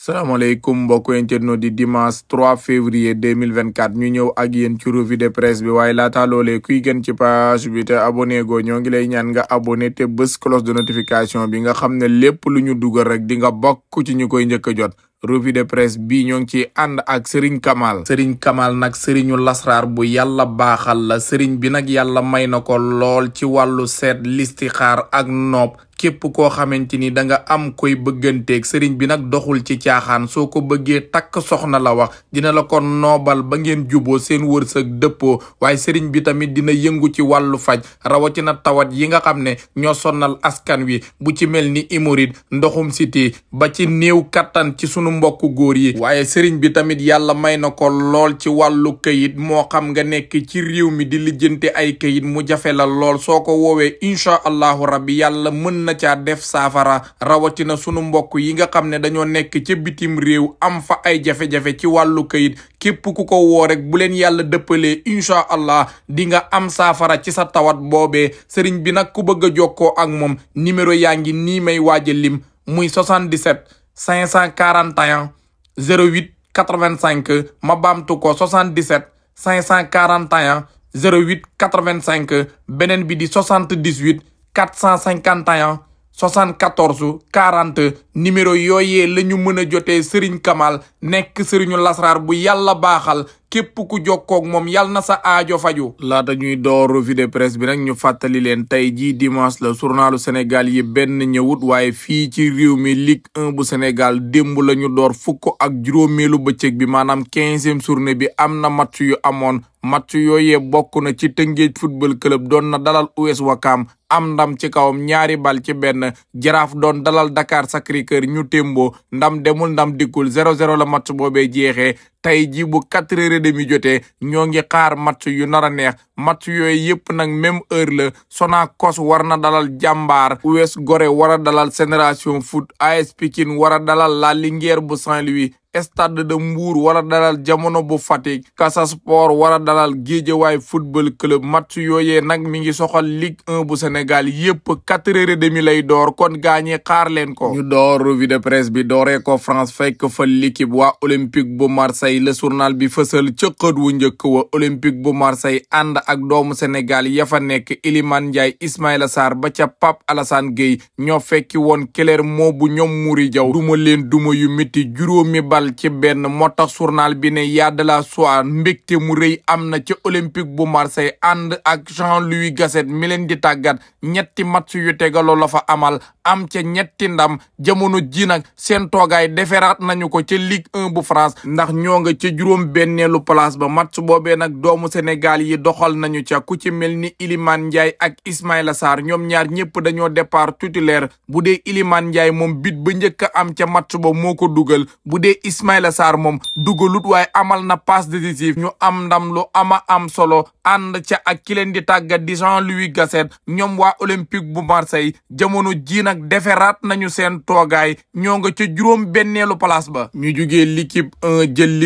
salaamaaleykum mbokku internet di dimanche 3 février 2024 ñu ñëw ak yéen ci revue de presse bi waaye laata loolee kuy gën ci page bi te abonné goo ñoo ngi lay ñaan nga abonné te bés cloche de notification bi nga xam ne lépp lu ñu dugal rek di nga bokk ci ñu koy njëkk a jot revue de presse bi ñoo ngi ci ànd ak Serigne Kamal Serigne Kamal nag Serigne lasraar bu yàlla baaxal la Serigne bi nag yàlla may na ko lool ci wàllu seet listixaar ak nopp képp koo xamante ni da nga am koy bëgganteeg sëriñ bi nag doxul ci caaxaan soo ko bëggee takk soxna la wax dina la ko noobal ba ngeen juboo seen wërsëg dëppoo waaye sëriñ bi tamit dina yëngu ci wàllu faj rawatina tawat yi nga xam ne ñoo sonnal askan wi bu ci mel ni imorid ndoxum siti ba ci néew kattan ci sunu mbokku góor yi waaye sëriñ bi tamit yàlla may na ko lool ci wàllu këyit moo xam nga nekk ci réew mi di lijjanti ay kayit mu jafelal lool soo ko woowee incha allahu na caa def saafara rawatina sunu mbokk yi nga xam ne dañoo nekk ca bitim réew am fa ay jafe-jafe ci wàllu kayit képp ku ko woo rek bu leen yàlla dëppalee incha allah di nga am saafara ci sa tawat boobee sëriñ bi nag ku bëgg a jokkoo ak moom numéro yaa ngi nii may waaj a lim muy 77 541 08 85 ma baamtu ko 77 541 08 85 beneen bi di 78. 451 74 40 numéro yooyee la ñu mën a jotee Serigne Kamal nekk sëriñu Lasrar bu yàlla baaxal képp jokkook jokkoog moom yàlla na sa aajo faju laata ñuy door revue de presse bi nag ñu fàttali leen tey jii dimanche la journalu Sénégal yi benn ñëwut waaye fii ci réew mi Ligue 1 bu Sénégal démb la ñu door fukk ak juróomeelu bëccëg bi maanaam quinzième journée bi am na match yu amoon match yooyee bokk na ci Tëngéej football club doon na dalal US Ouakam am ndam ci kawam ñaari bal ci benn Jaraaf doon dalal Dakar Sacré kër ñu témboo ndam demul ndam dikkul 0-0 la match boobee jeexee tey ji bu quatre heures et demi jotee ñoo ngi xaar match yu nar a neex match yooyu yëpp nag même heure la Sonacos war na dalal jàmbaar US Gorée war a dalal Génération Foot AS Pikine war a dalal La Linguère bu Saint-Louis stade de Mbour war a dalal jamono bu Fatick Casa Sport war a dalal Guédiawaye football club match yooyee nag mi ngi soxal Ligue 1 bu Sénégal yëpp quatre heures et demi lay door kon gaañe xaar leen ko. ñu door revue de presse bi dooree ko France fekk fa l'équipe bu Marseille. Marseille la journal bi fësal ca xët olympique bu Marseille ànd ak doomu Sénégal ya fa nekk Iliman Ndiaye Ismaïla sar ba ca Pape Alassane Gueye ñoo fekki woon Clermont bu ñoom muri jaw duma leen duma yu miti juróomi bal ci benn moo tax journal bi ne yaa de la soir mbégte mu rëy am na ca olympique bu Marseille ànd ak Jean-Louis Gasset mi leen di tàggat ñetti match yu tegaloo la fa amal am ca ñetti ndam jamono ji nag seen nañu ko ca Ligue 1 bu ndax ñoo ñoo nga ca juróom benneelu place ba match boobee nag doomu Sénégal yi doxal nañu ca ku ci mel ni ilimaan Ndiaye ak Ismaïla sar ñoom ñaar ñëpp dañoo départ titulaire bu dee ilimaan Ndiaye moom bit ba njëkk am ca match ba moo ko dugal bu dee Ismaïla Sarr moom dugalut waaye amal na passe décisive ñu am ndam lu ama am solo ànd ca ak ki leen di tàggat di Jean-Louis Gasset ñoom waa Olympique bu Marseille jamono ji nag deferaat nañu seen toogaay ñoo nga ca juróom benneelu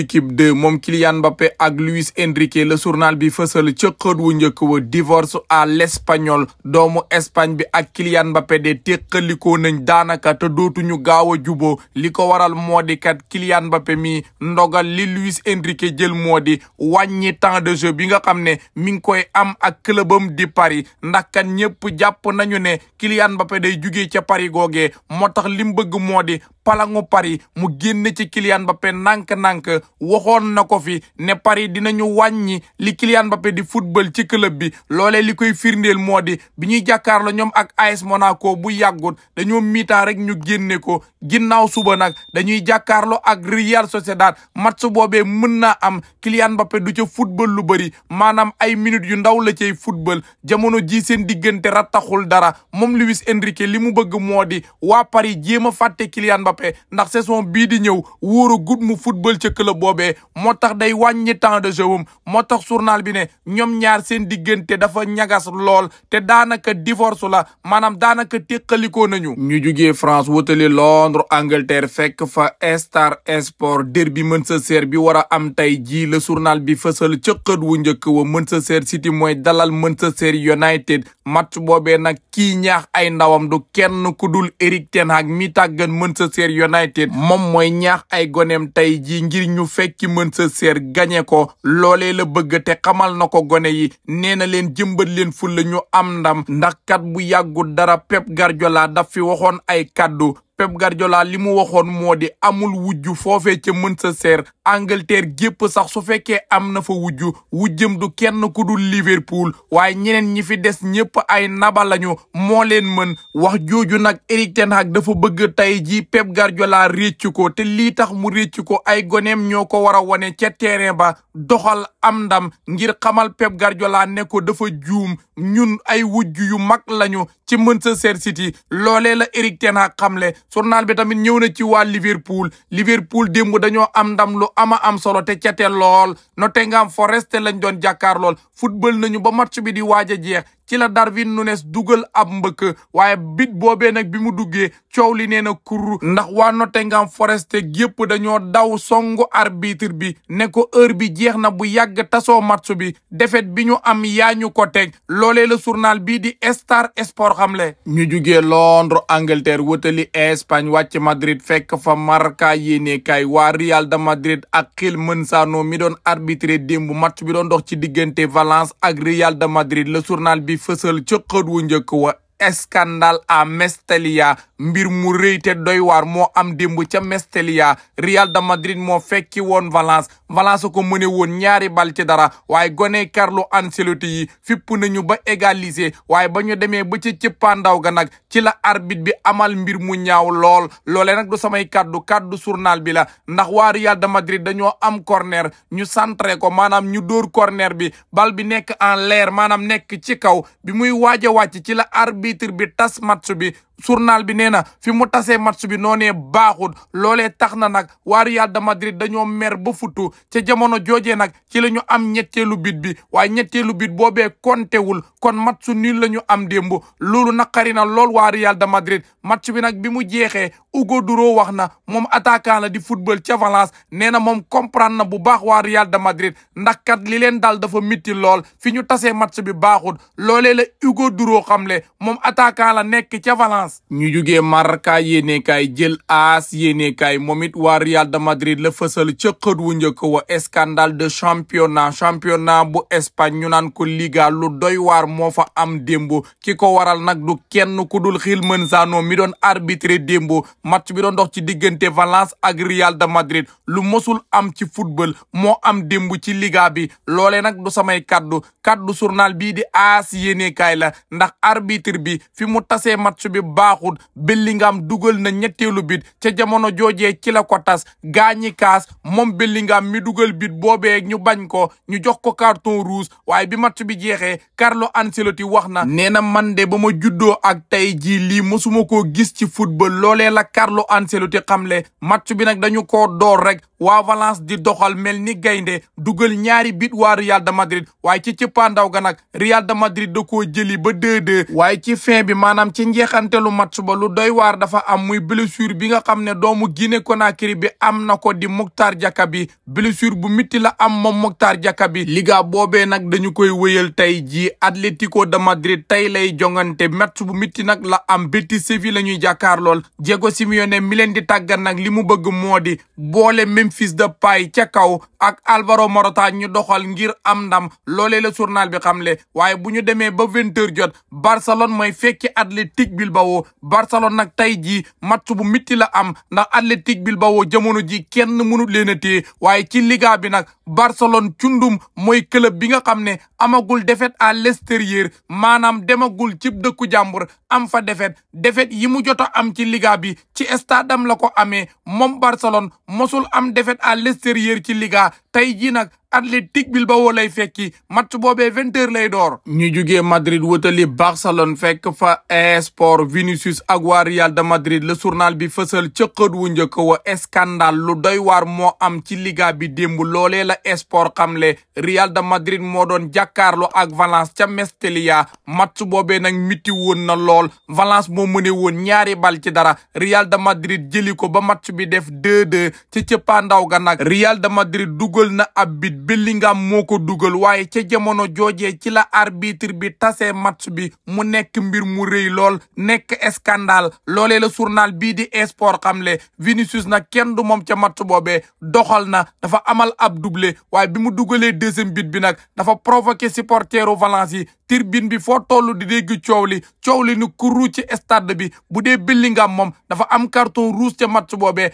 l'équipe 2 moom Kylian Mbappé ak Luis Enrique le journal bi fësal ca xët wu njëkk wa divorce à l'espagnol doomu Espagne bi ak Kylian Mbappé de teqalikoo nañ daanaka te dootuñu gaaw a juboo li ko waral moo di kat Kylian Mbappé mi ndogal li Luis Enrique jël moo di wàññi temps de jeu bi nga xam ne mi ngi koy am ak clubam di Paris ndax kan ñëpp jàpp nañu ne Kylian Mbappé day jugee ca Paris googee moo tax li palangu Paris mu génne ci Kylian Mbappé nànk-nànk waxoon na ko fi ne Paris dinañu wàññi li Kylian Mbappé di football ci club bi loole li koy firndeel moo di bi ñuy jàkkaarloo ñoom ak AS Monaco bu yàggut dañoo miitaan rek ñu génne ko ginnaaw suba nag dañuy jàkkaarloo ak Real Sociedad match boobee mën naa am Kylian Mbappé du ca football lu bëri maanaam ay minutes yu ndaw la cay football jamono ji seen diggante rattaxul dara moom Luis Enrique li mu bëgg moo di waa Paris a fàtte Kylian Mbappé ndax saison bii di ñëw wóoru gut mu football ca club boobee moo tax day wàññi temps de jeu wam moo tax journal bi ne ñoom ñaar seen diggante dafa ñagas lool te daanaka divorce la maanaam daanaka téqalikoo nañu ñu jugee France wutali Londres Angleterre fekk fa Star Sport derby Manchester bi war a am tey jii le journal bi fësal ca wu njëkk wa Manchester City mooy dalal Manchester United match boobee nag kii ñaax ay ndawam du kenn ku dul ten Hag mi tàggan Manchester Manchester United moom mooy ñaax ay goneem tey ji ngir ñu fekki Manchester gañe ko loolee la bëgg te xamal na ko gone yi nee na leen jëmbat leen fu la ñu am ndam ndax kat bu yàggu dara Pep Guardiola daf fi waxoon ay kaddu Pep Guardiola li mu waxoon moo di amul wujju foofe ca Manchester Angleterre gépp sax su fekkee am na fa wujju wujjam du kenn ku dul Liverpool waaye ñeneen ñi fi des ñëpp ay naba lañu moo leen mën wax jooju nag Erik ten dafa bëgg tey ji Pep Guardiola réccu ko te lii tax mu réccu ko ay gonem ñoo ko war a wane ca terrain ba doxal am ndam ngir xamal Pep Guardiola ne ko dafa juum ñun ay wujju yu mag lañu ci Manchester City loolee la Eric Ten Hag xamle journal bi tamit ñëw na ci waa Liverpool Liverpool démb dañoo am ndam lu ama am solo te cete lool Nottingham Forest lañ doon jàkkaar lool football nañu ba match bi di waaj a jeex ci la Darwin Nunes dugal ab mbëkk waaye bit boobee nag bi mu duggee coow li nee na kur ndax waa Nottingham Forest yëpp dañoo daw songu arbitre bi ne ko heure bi jeex na bu yàgg tasoo match bi défaite bi ñu am yaa ñu ko teg loole la journal bii di Star Sport xamle. ñu jugee Londres Angleterre wëtali Espagne wàcc Madrid fekk fa Marca yéenekaay waa Real de Madrid ak mën Manzano mi doon arbitré démb match bi doon dox ci diggante Valence ak Real de Madrid la journal bi. di fësal ca xët wu njëkk wa scandale mbir mu rëy te doy waar moo am démb ca Mestalla Real de Madrid moo fekki woon Valence Valence ko mëne woon ñaari bal ci dara waaye gone Carlo Ancelotti yi fipp nañu ba égaliser waaye ba ñu demee ba ci cëppaandaw ga nag ci la arbitre bi amal mbir mu ñaaw lool loole nag du samay kaddu kaddu journal bi la ndax waa Real de Madrid dañoo am corner ñu centré ko maanaam ñu dóor corner bi bal bi nekk en l'air maanaam nekk ci kaw bi muy waaja a wàcc ci la arbitre bi tas match bi nee fi mu tasee match bi noonee baaxul loolee tax na nag waa Real de Madrid dañoo mer ba futu ca jamono joojee nag ci la ñu am ñetteelu bit bi waaye ñetteelu bit boobee kontewul kon match nul la ñu am démb loolu naqari na lool waa Real de Madrid match bi nag bi mu jeexee Hugo Duro wax na moom attaquant di football ca Valence nee na moom comprendre na bu baax waa Real de Madrid ndax kat li leen daal dafa mitti lool fi ñu tasee match bi baaxul loolee la Hugo Duro jugee Marca yéenekaay jël AS yéenekaay moom it waa Real de Madrid la fësal ca xët wu njëkk wa scandale de championnat championnat bu Espagne ñu naan ko Liga lu doy waar moo fa am démbo ki ko waral nag du kenn ku dul Gil-Manzano mi doon arbitré démbo match bi doon dox ci diggante Valence ak Real de Madrid lu mosul am ci football moo am démb ci Liga bi loolee nag du samay kaddu kaddu journal bii di AS yéenekaay la ndax arbitre bi fi mu tasee match bi baaxul Bellingham dugal na ñetteelu bit ca jamono joojee ci la ko tas gaañi kaas moom Bellingham mi dugal bit boobee ñu bañ ko ñu jox ko carton rouge waaye bi match bi jeexee karlo Ancelotti wax na nee na man de ba ma juddoo ak tey jii lii mosuma koo gis ci football loolee la Carlo Ancelotti xamle match bi nag dañu ko door rek waa Valence di doxal mel ni gaynde dugal ñaari bit waa Real de Madrid waaye ci cëppaandaw ga nag Real de Madrid da koo jëli ba 2-2 ci fin bi maanaam ci njeexantelu match ba doy waar dafa am muy sure bi nga xam ne doomu Guinée Conakry bi am na ko di Moctar Diakha bi blessure bu mitti la am moom Moctar Diakha bi liga boobee nag dañu koy wéyal tey jii Atlético de Madrid tey lay jongante match bu mitti nag la am Betis Séville la ñuy jàkkaar lool Diego Simeone mi leen di tàggat nag li mu bëgg moo di boole Memphis Depay ca kaw ak Alvaro Morata ñu doxal ngir am ndam loole la journal bi xamle waaye bu ñu demee ba vingt heures jot Barcelone mooy fekki Athletic Bilbao Barcelone loolu nag tey jii match bu mitti la am ndax Athletic Bilbao jamono ji kenn mënut leen a téye waaye ci liga bi nag Barcelone cundum mooy club bi nga xam ne amagul défaite à l'extérieur maanaam demagul cib dëkku jàmbur am fa defet défaite yi mu jot a am ci liga bi ci stade la ko amee moom Barcelone mosul am défaite à l'extérieur ci liga tey jii nag Athletic ba lay fekki match boobe vingt heures lay door. ñu jugee Madrid wutali Barcelone fekk fa esport Vinicius ak waa Real de Madrid le surnal bi fësal ca wu njëkk wo scandale lu doy waar moo am ci liga bi démb loolee la esport xamle Real de Madrid moo doon jàkkaarloo ak Valence ca Mestalla match boobee nag miti woon na lool Valence moo mëne woon ñaari bal ci dara Real de Madrid jëli ko ba match bi def 2-2 ci cëppaandaw ga nag Real de Madrid dugal. dugal na ab bit Bellingham moo ko dugal waaye ca jamono joojee ci la arbitre bi tasee match bi mu nekk mbir mu rëy lool nekk scandale loolee la surnal bii di esport xamle Vinicius nag kenn du moom ca match boobee doxal na dafa amal ab doublé waaye bi mu dugalee deuxième bit bi nag dafa provoqué supporteru Valence yi tribune bi foo tollu di dégg coow li coow li ni kuru ci stade bi bu dee Bellingham moom dafa am carton rouge ca match boobee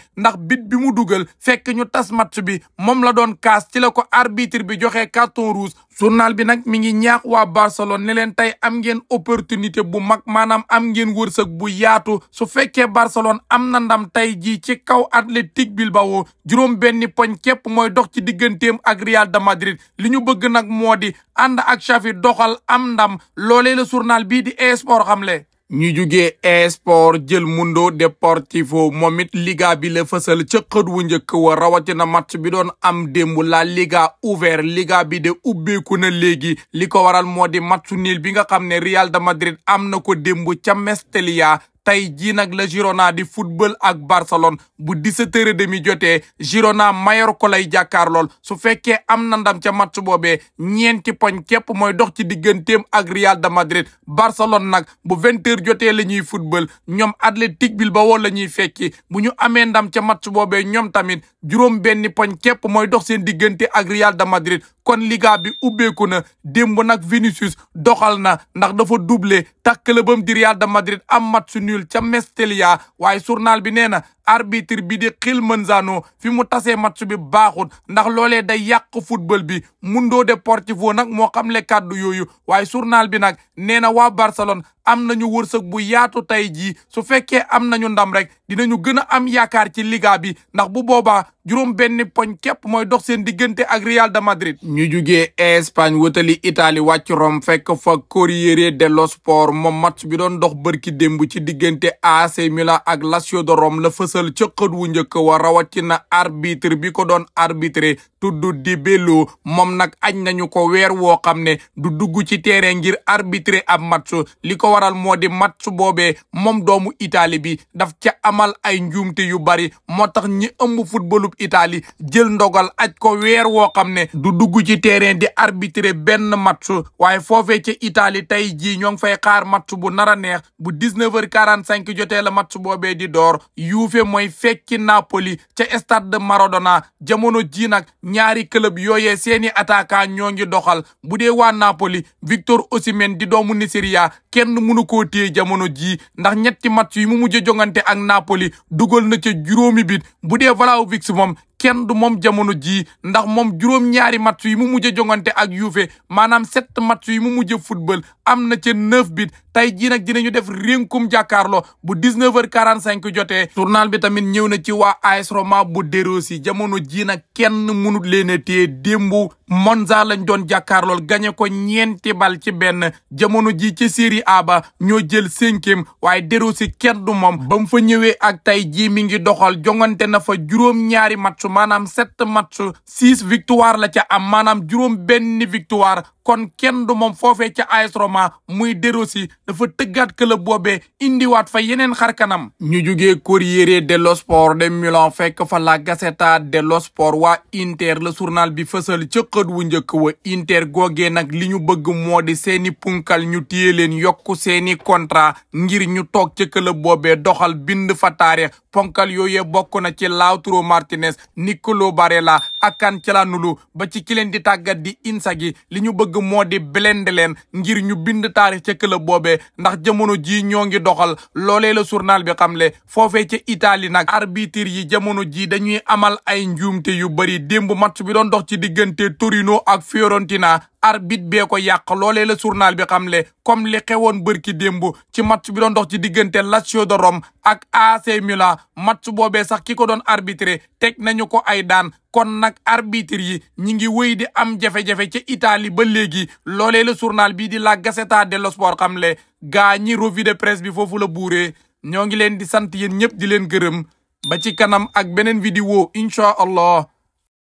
bi mu la doon kaas ci la ko arbitre bi joxe carton rouge journal bi nag mi ngi ñaax waa Barcelone neleen leen tey am ngeen opportunité bu mag maanaam am ngeen wërsëg bu yaatu su fekkee Barcelone am na ndam tey jii ci kaw Athletic Bilbao juróom benni poñ képp mooy dox ci digganteem ak Real de Madrid li ñu bëgg nag moo di ànd ak Xavi doxal am ndam loolee la surnal bii di xam le ñu jugee esport jël Mundo Deportivo moom it liga bi la fësal ca xët njëkk wa rawatina match bi doon am démb la liga ouvert liga bi de ubbeeku na léegi li ko waral moo di match nul bi nga xam ne Real de Madrid am na ko démb ca Mestalla tey jii nag la Girona di football ak Barcelone bu 17 de mi jotee Girona Mallorca lay jàkkaarlool su fekkee am na ndam ca match boobee ñeenti poñ képp mooy dox ci digganteem ak Real de Madrid Barcelone nag bu 20h jotee la ñuy football ñoom Athletic Bilbao la ñuy fekki bu ñu amee ndam ca match boobee ñoom tamit juróom benni poñ képp mooy dox seen diggante ak Real de Madrid kon liga bi ubbeeku na démb nag Vinicius doxal na ndax dafa doublé takkale bam di Real de Madrid am match nul ca Mestalla waaye surnal bi nee na arbitre bi di Xilmanzano fi mu tasee match bi baaxul ndax loolee day yàq football bi Mundo Deportivo nag moo xamle kàddu yooyu waaye journal bi nag nee na waa Barcelone am nañu wërsëg bu yaatu tey jii su fekkee am nañu ndam rek dinañu gën a am yaakaar ci liga bi ndax bu boobaa juróom benn poñ képp mooy dox seen diggante ak Real de Madrid. ñu jugee Espagne wëtali itali wàcc Rome fekk fa Corriere dello por moom match bi doon dox bërki démb ci diggante AC Milan ak Lazio la jiital ca xët wu njëkk wa rawatina arbitre bi ko doon arbitré tudd di bello moom nag añ nañu ko weer woo xam ne du dugg ci terrain ngir arbitrer ab match li ko waral moo di match boobee moom doomu itali bi daf ca amal ay njuumte yu bari moo tax ñi ëmb footballub itali jël ndogal aj ko weer woo xam ne du dugg ci terrain di arbitrer benn match waaye foofee ca Italie tey jii ñoo ngi fay xaar match bu nar a neex bu 19h45 jotee la match boobee di door Juve mooy fekki Napoli ca stade de Maradona jamono ji nag ñaari club yooyee seeni attaquant ñoo ngi doxal bu dee waa Napoli Victor Osimhen di doomu Nigeria kenn mënu koo téye jamono jii ndax ñetti match yi mu mujj jongante ak Napoli dugal na ca juróomi bit bu dee Vlahovic moom kenn du moom jamono jii ndax moom juróom-ñaari match yi mu mujj jongante ak Juve maanaam sept match yi mu mujj football am na ca neuf bit tey jii nag ñu def rénkum jàkkaarloo bu 19h45 jotee journal bi tamit ñëw na ci waa AS Roma bu De Rossi jamono jii nag kenn mënut leen a téye démbu Monza lañ doon jàkkaarlool gagné ko ñeenti bal ci benn jamono ji ci Serie A ba ñoo jël cinquième waaye De Rossi kenn du moom ba mu fa ñëwee ak tey jii mi ngi doxal jongante na fa juróom-ñaari maanaam sept match six victoire la ca am maanaam juróom benn victoire kon kenn du moom foofee ca AS muy De Rossi dafa tëggaat club boobee indiwaat fa yeneen xarkanam ñu juge Corriere dello Sport de Milan fekk fa la Gazzetta dello Sport waa Inter le journal bi fësal ca xët wu njëkk wa Inter googee nag li ñu bëgg moo di seeni punkal ñu téye leen yokku seeni contrat ngir ñu toog ca club boobee doxal bind fa taarix ponkal yooyee bokk na ci Lautaro Martinez Nicolo Barella akan Cancelo ba ci ki leen di tàggat di Inzaghi li ñu bëgg moo di blende leen ngir ñu bind taarix ca club boobee ndax jamono jii ñoo ngi doxal loolee la surnal bi xamle foofee ca Italie nag arbitre yi jamono jii dañuy amal ay njuumte yu bëri démb match bi doon dox ci diggante Torino ak Fiorentina arbitre bee ko yàq loolee la surnal bi xam le comme li xewoon bërki démb ci match bi doon dox ci diggante la de Rome ak AC Milan match boobee sax ki ko doon arbitré teg nañu ko ay daan kon nag arbitre yi ñi ngi wéy di am jafe-jafe ca Italie ba léegi loolee la journal bii di la Gazzetta dello Sport xam le gaa ñi revue de presse bi foofu la buuree ñoo ngi leen di sant yéen ñëpp di leen gërëm ba ci kanam ak beneen vidéo incha allah